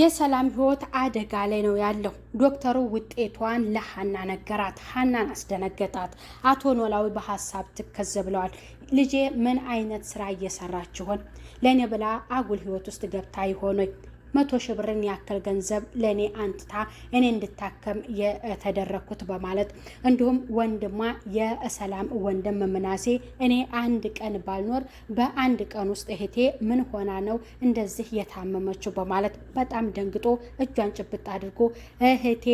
የሰላም ህይወት አደጋ ላይ ነው ያለው። ዶክተሩ ውጤቷን ለሀና ነገራት። ሀናን አስደነገጣት። አቶ ኖላዊ በሀሳብ ትከዝ ብለዋል። ልጄ ምን አይነት ስራ እየሰራች ይሆን? ለእኔ ብላ አጉል ህይወት ውስጥ ገብታ ይሆኖኝ መቶ ሺህ ብርን ያክል ገንዘብ ለእኔ አንጥታ እኔ እንድታከም የተደረግኩት በማለት እንዲሁም ወንድሟ የሰላም ወንድም ምናሴ እኔ አንድ ቀን ባልኖር በአንድ ቀን ውስጥ እህቴ ምን ሆና ነው እንደዚህ የታመመችው በማለት በጣም ደንግጦ እጇን ጭብጥ አድርጎ እህቴ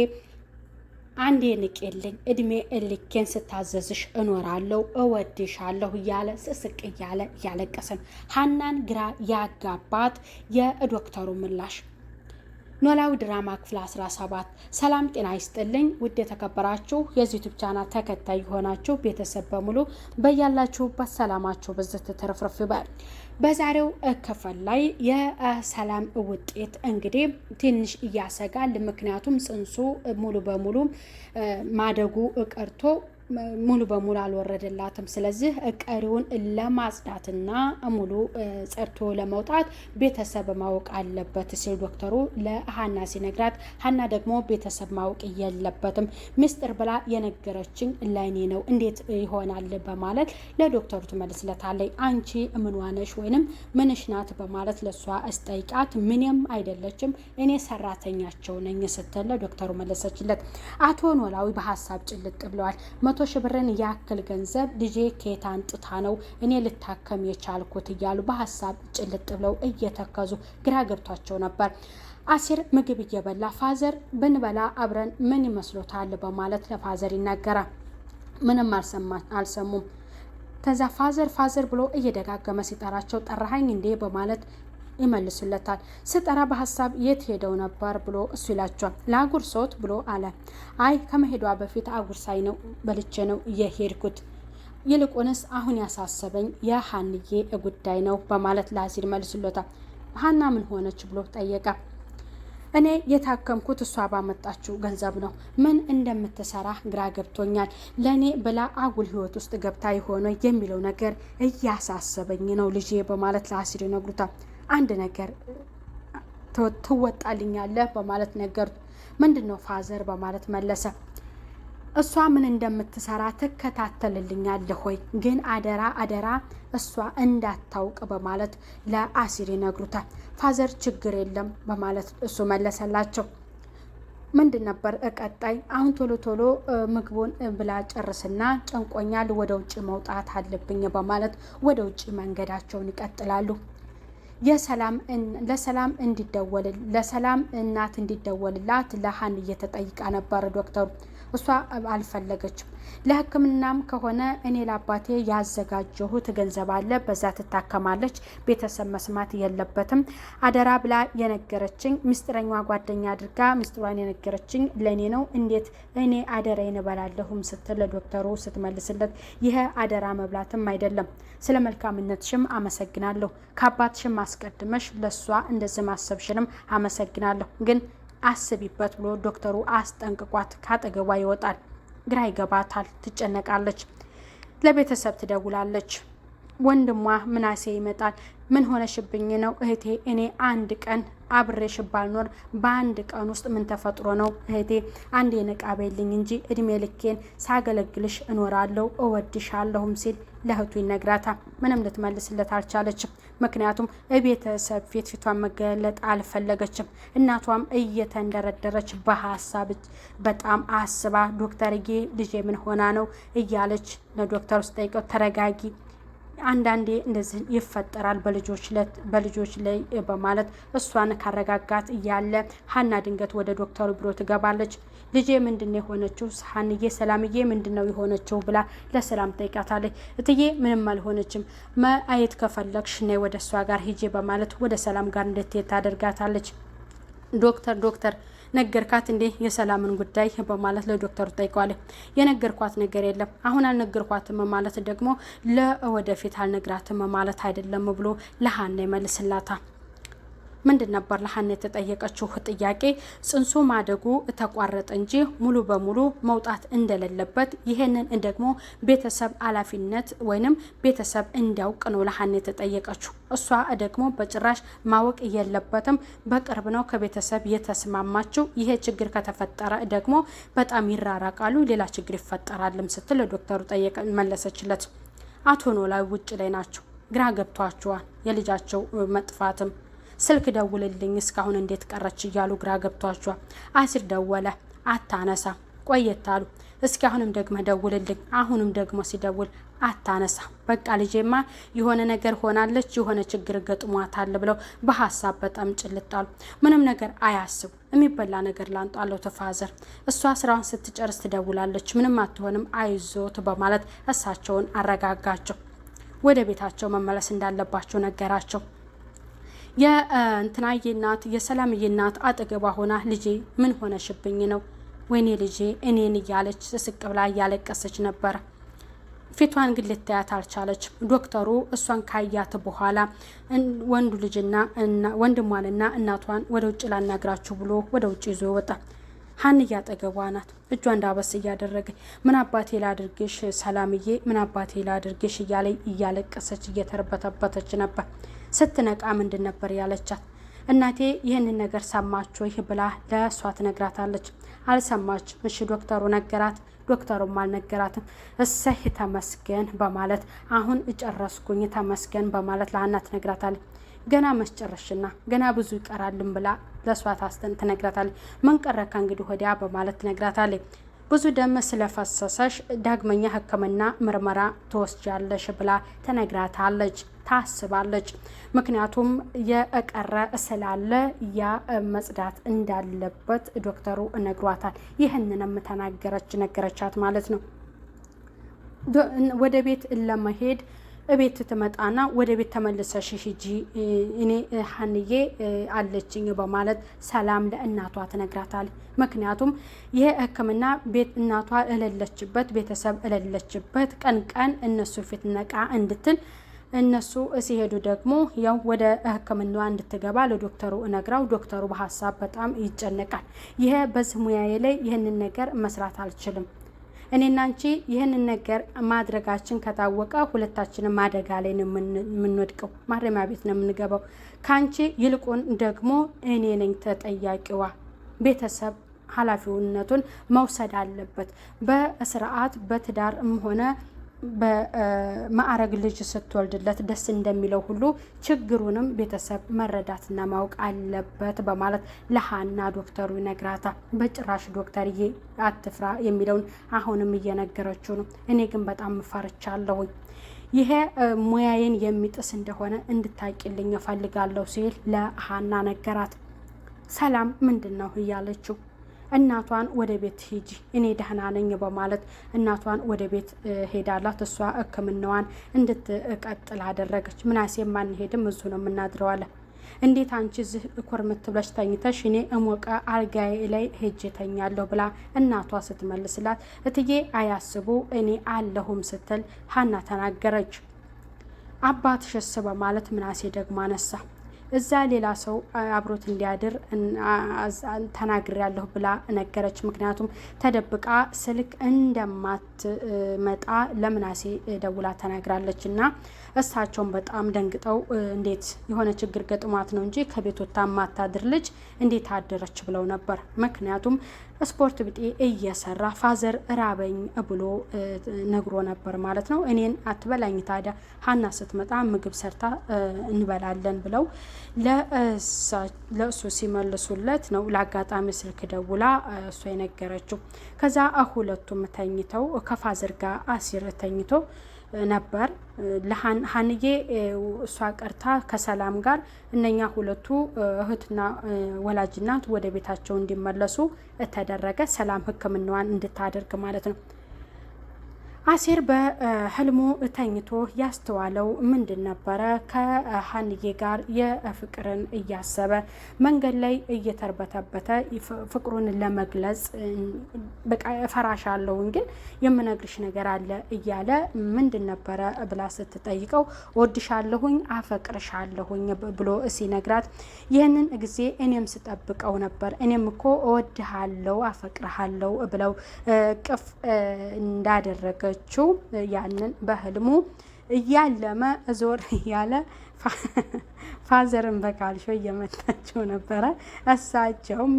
አንዴ ንቄልኝ እድሜ እልኬን ስታዘዝሽ እኖራለሁ እወድሻለሁ እያለ ስስቅ እያለ እያለቀሰን ሀናን ግራ ያጋባት የዶክተሩ ምላሽ ኖላዊ ድራማ ክፍል 17። ሰላም ጤና ይስጥልኝ ውድ የተከበራችሁ የዚህ ዩቱብ ቻናል ተከታይ የሆናችሁ ቤተሰብ በሙሉ በያላችሁበት ሰላማችሁ ብዝት ትርፍርፍ ይበል። በዛሬው ክፍል ላይ የሰላም ውጤት እንግዲህ ትንሽ እያሰጋል። ምክንያቱም ጽንሱ ሙሉ በሙሉ ማደጉ ቀርቶ ሙሉ በሙሉ አልወረደላትም። ስለዚህ ቀሪውን ለማጽዳትና ሙሉ ጸድቶ ለመውጣት ቤተሰብ ማወቅ አለበት ሲል ዶክተሩ ለሀና ሲነግራት፣ ሀና ደግሞ ቤተሰብ ማወቅ የለበትም ምስጢር ብላ የነገረችን ለእኔ ነው እንዴት ይሆናል በማለት ለዶክተሩ ትመልስለታለች። አንቺ ምንዋነሽ ወይንም ምንሽ ናት በማለት ለእሷ እስጠይቃት ምንም አይደለችም እኔ ሰራተኛቸው ነኝ ስትል ለዶክተሩ መለሰችለት። አቶ ኖላዊ በሀሳብ ጭልጥ ብለዋል። መቶ ሺህ ብርን ያክል ገንዘብ ልጄ ከየት አንጥታ ነው እኔ ልታከም የቻልኩት እያሉ በሀሳብ ጭልጥ ብለው እየተከዙ ግራ ገብቷቸው ነበር። አሲር ምግብ እየበላ ፋዘር ብንበላ አብረን ምን ይመስሎታል በማለት ለፋዘር ይናገራል። ምንም አልሰሙም። ከዛ ፋዘር ፋዘር ብሎ እየደጋገመ ሲጠራቸው ጠራሃኝ እንዴ በማለት ይመልሱለታል። ስጠራ በሀሳብ የት ሄደው ነበር ብሎ እሱ ይላቸዋል። ለአጉርሶት ብሎ አለ። አይ ከመሄዷ በፊት አጉርሳይ ነው በልቼ ነው የሄድኩት። ይልቁንስ አሁን ያሳሰበኝ የሀንዬ ጉዳይ ነው በማለት ለአሲር መልስሎታል። ሀና ምን ሆነች ብሎ ጠየቀ። እኔ የታከምኩት እሷ ባመጣችው ገንዘብ ነው። ምን እንደምትሰራ ግራ ገብቶኛል። ለእኔ ብላ አጉል ህይወት ውስጥ ገብታ የሆነ የሚለው ነገር እያሳሰበኝ ነው ልጄ በማለት ለአሲር ይነግሩታል። አንድ ነገር ትወጣልኛለህ በማለት ነገሩት። ምንድን ነው ፋዘር በማለት መለሰ። እሷ ምን እንደምትሰራ ትከታተልልኛለህ ወይ ግን አደራ አደራ እሷ እንዳታውቅ በማለት ለአሲር ይነግሩታል። ፋዘር ችግር የለም በማለት እሱ መለሰላቸው። ምንድን ነበር ቀጣይ? አሁን ቶሎ ቶሎ ምግቡን ብላ ጨርስና ጨንቆኛል፣ ወደ ውጭ መውጣት አለብኝ በማለት ወደ ውጭ መንገዳቸውን ይቀጥላሉ። ለሰላም እንዲደወል ለሰላም እናት እንዲደወልላት ለሃን እየተጠይቃ ነበር ዶክተሩ እሷ አልፈለገችም። ለሕክምናም ከሆነ እኔ ለአባቴ ያዘጋጀሁት ገንዘብ አለ፣ በዛ ትታከማለች፣ ቤተሰብ መስማት የለበትም አደራ ብላ የነገረችኝ ምስጢረኛ ጓደኛ አድርጋ ምስጢሯን የነገረችኝ ለእኔ ነው። እንዴት እኔ አደራ ይንበላለሁም ስትል ለዶክተሩ ስትመልስለት ይህ አደራ መብላትም አይደለም፣ ስለ መልካምነትሽም አመሰግናለሁ፣ ከአባትሽም አስቀድመሽ ለእሷ እንደዚህ ማሰብሽንም አመሰግናለሁ ግን አስቢበት ብሎ ዶክተሩ አስጠንቅቋት ካጠገቧ ይወጣል። ግራ ይገባታል፣ ትጨነቃለች። ለቤተሰብ ትደውላለች። ወንድሟ ምናሴ ይመጣል። ምን ሆነሽብኝ ነው እህቴ? እኔ አንድ ቀን አብሬሽ ባልኖር በአንድ ቀን ውስጥ ምን ተፈጥሮ ነው እህቴ? አንድ የነቃበልኝ እንጂ እድሜ ልኬን ሳገለግልሽ እኖራለሁ እወድሻለሁም ሲል ለእህቱ ይነግራታል። ምንም ልትመልስለት አልቻለችም። ምክንያቱም እቤተሰብ ፊት ፊቷን መገለጥ አልፈለገችም። እናቷም እየተንደረደረች በሀሳብ በጣም አስባ ዶክተርዬ ልጄ ምን ሆና ነው እያለች ለዶክተር ውስጥ ጠይቀው ተረጋጊ አንዳንዴ እንደዚህ ይፈጠራል በልጆች ላይ በማለት እሷን ካረጋጋት እያለ ሀና ድንገት ወደ ዶክተሩ ቢሮ ትገባለች። ልጄ ምንድን የሆነችው? ሀንዬ ሰላምዬ ምንድን ነው የሆነችው? ብላ ለሰላም ጠይቃታለች። እትዬ ምንም አልሆነችም፣ መአየት ከፈለግሽ ነይ ወደ እሷ ጋር ሂጄ በማለት ወደ ሰላም ጋር እንድትሄድ ታደርጋታለች። ዶክተር ዶክተር ነገርካት እንዴ የሰላምን ጉዳይ በማለት ለዶክተሩ ጠይቀዋል። የነገርኳት ነገር የለም አሁን አልነገርኳትም ማለት ደግሞ ለወደፊት አልነግራትም ማለት አይደለም ብሎ ለሀና ይመልስላታል። ምንድን ነበር ለሀና የተጠየቀችው ጥያቄ? ጽንሱ ማደጉ ተቋረጠ እንጂ ሙሉ በሙሉ መውጣት እንደሌለበት ይሄንን ደግሞ ቤተሰብ ኃላፊነት ወይንም ቤተሰብ እንዲያውቅ ነው ለሀና የተጠየቀችው። እሷ ደግሞ በጭራሽ ማወቅ የለበትም በቅርብ ነው ከቤተሰብ የተስማማችው። ይሄ ችግር ከተፈጠረ ደግሞ በጣም ይራራቃሉ፣ ሌላ ችግር ይፈጠራልም ስትል ለዶክተሩ ጠየቀ መለሰችለት። አቶ ኖላዊ ውጭ ላይ ናቸው። ግራ ገብቷቸዋል የልጃቸው መጥፋትም ስልክ ደውልልኝ እስካሁን እንዴት ቀረች እያሉ ግራ ገብቷቸዋል። አሲር ደወለ፣ አታነሳ። ቆየት አሉ። እስኪ አሁንም ደግመ ደውልልኝ። አሁንም ደግሞ ሲደውል አታነሳ። በቃ ልጄማ የሆነ ነገር ሆናለች፣ የሆነ ችግር ገጥሟታል ብለው በሀሳብ በጣም ጭልጣሉ። ምንም ነገር አያስቡ። የሚበላ ነገር ላንጧለው ተፋዘር። እሷ ስራውን ስትጨርስ ትደውላለች፣ ምንም አትሆንም፣ አይዞት በማለት እሳቸውን አረጋጋቸው። ወደ ቤታቸው መመለስ እንዳለባቸው ነገራቸው። የእንትናዬ እናት የሰላምዬ እናት አጠገቧ ሆና ልጄ ምን ሆነሽብኝ ነው? ወይኔ ልጄ እኔን እያለች ስቅ ብላ እያለቀሰች ነበር። ፊቷን ግን ልታያት አልቻለች። ዶክተሩ እሷን ካያት በኋላ ወንዱ ልጅና ወንድሟንና እናቷን ወደ ውጭ ላናግራችሁ ብሎ ወደ ውጭ ይዞ ወጣ። ሀን እያጠገቧ ናት። እጇ እንዳበስ እያደረገ ምን አባቴ ላድርግሽ ሰላምዬ፣ ምን አባቴ ላድርግሽ እያለ እያለቀሰች እየተርበተበተች ነበር። ስትነቃ ምንድን ነበር ያለቻት? እናቴ ይህንን ነገር ሰማች ወይ ብላ ለእሷ ትነግራታለች። አልሰማች እሺ ዶክተሩ ነገራት። ዶክተሩም አልነገራትም። እሰህ ተመስገን በማለት አሁን እጨረስኩኝ ተመስገን በማለት ለሀና ትነግራታለች። ገና መስጨረሽና ገና ብዙ ይቀራልን ብላ ለእሷ ታስተን ትነግራታለች። ምን ቀረካ እንግዲህ ወዲያ በማለት ትነግራታለች። ብዙ ደም ስለፈሰሰሽ ዳግመኛ ሕክምና ምርመራ ትወስጃለሽ ብላ ተነግራታለች። ታስባለች። ምክንያቱም የቀረ ስላለ ያ መጽዳት እንዳለበት ዶክተሩ ነግሯታል። ይህንንም ተናገረች ነገረቻት ማለት ነው ወደ ቤት ለመሄድ እቤት ትመጣና ወደ ቤት ተመልሰሽ ሂጂ እኔ ሀንዬ አለችኝ በማለት ሰላም ለእናቷ ትነግራታል። ምክንያቱም ይህ ሕክምና ቤት እናቷ እለለችበት ቤተሰብ እለለችበት ቀን ቀን እነሱ ፊት ነቃ እንድትል እነሱ ሲሄዱ ደግሞ ያው ወደ ህክምና እንድትገባ ለዶክተሩ እነግራው ዶክተሩ በሀሳብ በጣም ይጨነቃል። ይሄ በዚህ ሙያዬ ላይ ይህንን ነገር መስራት አልችልም እኔና አንቺ ይህንን ነገር ማድረጋችን ከታወቀ ሁለታችንም አደጋ ላይ ነው የምንወድቀው፣ ማረሚያ ቤት ነው የምንገባው። ከአንቺ ይልቁን ደግሞ እኔ ነኝ ተጠያቂዋ። ቤተሰብ ኃላፊነቱን መውሰድ አለበት በስርዓት በትዳርም ሆነ በማዕረግ ልጅ ስትወልድለት ደስ እንደሚለው ሁሉ ችግሩንም ቤተሰብ መረዳትና ማወቅ አለበት በማለት ለሀና ዶክተሩ ይነግራታ። በጭራሽ ዶክተርዬ አትፍራ የሚለውን አሁንም እየነገረችው ነው። እኔ ግን በጣም ፈርቻለሁኝ ይሄ ሙያዬን የሚጥስ እንደሆነ እንድታቂልኝ እፈልጋለሁ ሲል ለሀና ነገራት። ሰላም ምንድን ነው እያለችው እናቷን ወደ ቤት ሂጂ እኔ ደህና ነኝ በማለት እናቷን ወደ ቤት ሄዳላት። እሷ ህክምናዋን እንድትቀጥል አደረገች። ምናሴ ማንሄድም እዙ ነው የምናድረዋለን። እንዴት አንቺ እዚህ ኮርምት ብለሽ ተኝተሽ እኔ እሞቀ አልጋዬ ላይ ሄጄ ተኛለሁ ብላ እናቷ ስትመልስላት፣ እትዬ አያስቡ እኔ አለሁም ስትል ሀና ተናገረች። አባትሽስ በማለት ምናሴ ደግሞ አነሳ። እዛ ሌላ ሰው አብሮት እንዲያድር ያለሁ ብላ ነገረች። ምክንያቱም ተደብቃ ስልክ እንደማትመጣ ለምናሴ ደውላ ተናግራለች እና እሳቸውን በጣም ደንግጠው እንዴት የሆነ ችግር ገጥሟት ነው እንጂ ከቤት ወታ ማታድር ልጅ እንዴት አደረች ብለው ነበር ምክንያቱም ስፖርት ብጤ እየሰራ ፋዘር ራበኝ ብሎ ነግሮ ነበር ማለት ነው። እኔን አትበላኝ ታዲያ ሀና ስትመጣ ምግብ ሰርታ እንበላለን ብለው ለእሱ ሲመልሱለት ነው ለአጋጣሚ ስልክ ደውላ እሷ የነገረችው። ከዛ ሁለቱም ተኝተው ከፋዘር ጋር አሲር ተኝቶ ነበር። ለሀንዬ እሷ ቀርታ ከሰላም ጋር እነኛ ሁለቱ እህትና ወላጅናት ወደ ቤታቸው እንዲመለሱ ተደረገ። ሰላም ሕክምናዋን እንድታደርግ ማለት ነው። አሴር በህልሙ ተኝቶ ያስተዋለው ምንድን ነበረ? ከሀንዬ ጋር የፍቅርን እያሰበ መንገድ ላይ እየተርበተበተ ፍቅሩን ለመግለጽ በቃ አለውን ግን የምነግርሽ ነገር አለ እያለ ምንድን ነበረ ብላ ስትጠይቀው እወድሻለሁኝ፣ አፈቅርሻለሁኝ ብሎ ሲነግራት ይህንን ጊዜ እኔም ስጠብቀው ነበር፣ እኔም እኮ እወድሃለሁ፣ አፈቅርሃለው ብለው ቅፍ እንዳደረገ ያለችው ያንን በህልሙ እያለመ ዞር እያለ ፋዘርን በካልሾ እየመታቸው ነበረ። እሳቸውም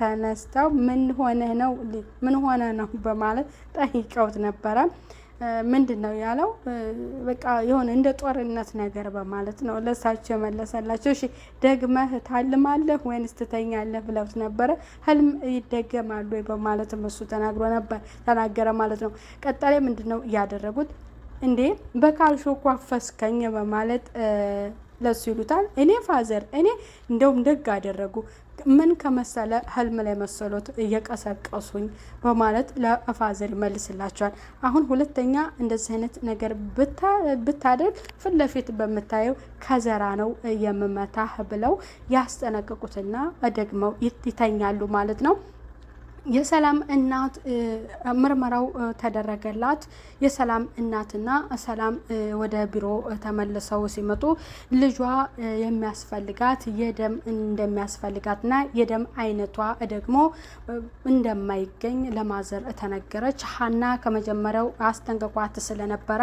ተነስተው ምን ሆነ ነው ምን ሆነ ነው በማለት ጠይቀውት ነበረ። ምንድን ነው ያለው? በቃ የሆነ እንደ ጦርነት ነገር በማለት ነው ለሳቸው የመለሰላቸው። እሺ ደግመህ ታልማለህ ወይንስ ትተኛለህ ብለውት ነበረ። ህልም ይደገማሉ ወይ በማለትም እሱ ተናግሮ ነበር ተናገረ ማለት ነው። ቀጣይ ምንድን ነው እያደረጉት እንዴ በካልሾ ኳፈስከኝ በማለት ለሱ ይሉታል። እኔ ፋዘር እኔ እንደውም ደግ አደረጉ ምን ከመሰለ ህልም ላይ መሰሎት እየቀሰቀሱኝ በማለት ለፋዘር ይመልስላቸዋል። አሁን ሁለተኛ እንደዚህ አይነት ነገር ብታደርግ ፊት ለፊት በምታየው ከዘራ ነው የምመታህ ብለው ያስጠነቅቁትና ደግመው ይተኛሉ ማለት ነው። የሰላም እናት ምርመራው ተደረገላት። የሰላም እናትና ሰላም ወደ ቢሮ ተመልሰው ሲመጡ ልጇ የሚያስፈልጋት የደም እንደሚያስፈልጋትና የደም አይነቷ ደግሞ እንደማይገኝ ለማዘር ተነገረች። ሀና ከመጀመሪያው አስጠንቅቋት ስለነበረ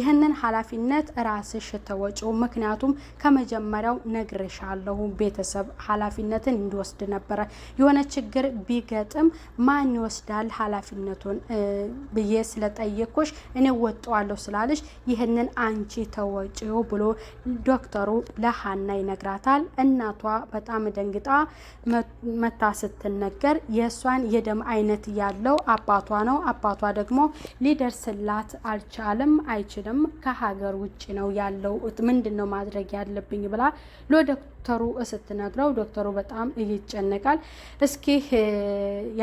ይህንን ኃላፊነት ራስሽ ተወጪው፣ ምክንያቱም ከመጀመሪያው ነግሬሻለሁ ቤተሰብ ኃላፊነትን እንዲወስድ ነበረ የሆነ ችግር ቢገጥም ማን ይወስዳል ኃላፊነቱን ብዬ ስለጠየኩሽ እኔ ወጠዋለሁ ስላለሽ ይህንን አንቺ ተወጪው ብሎ ዶክተሩ ለሀና ይነግራታል። እናቷ በጣም ደንግጣ መታ ስትነገር የእሷን የደም አይነት ያለው አባቷ ነው። አባቷ ደግሞ ሊደርስላት አልቻለም፣ አይችልም፣ ከሀገር ውጭ ነው ያለው። ምንድን ነው ማድረግ ያለብኝ ብላ ለዶክተሩ ስትነግረው ዶክተሩ በጣም ይጨነቃል። እስኪ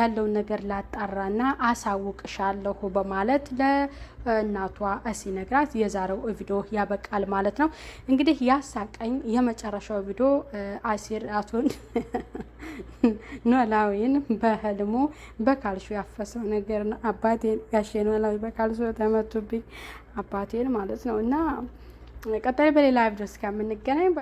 ያለውን ነገር ላጣራና አሳውቅሻለሁ በማለት ለእናቷ እሲ ነግራት የዛሬው ቪዲዮ ያበቃል ማለት ነው። እንግዲህ ያሳቀኝ የመጨረሻው ቪዲዮ አሲር አቶን ኖላዊን በህልሙ በካልሾ ያፈሰው ነገር ነው። አባቴን ጋሼ ኖላዊ በካልሾ ተመቱብኝ አባቴን ማለት ነው። እና ቀጣይ በሌላ ቪዲዮ እስከምንገናኝ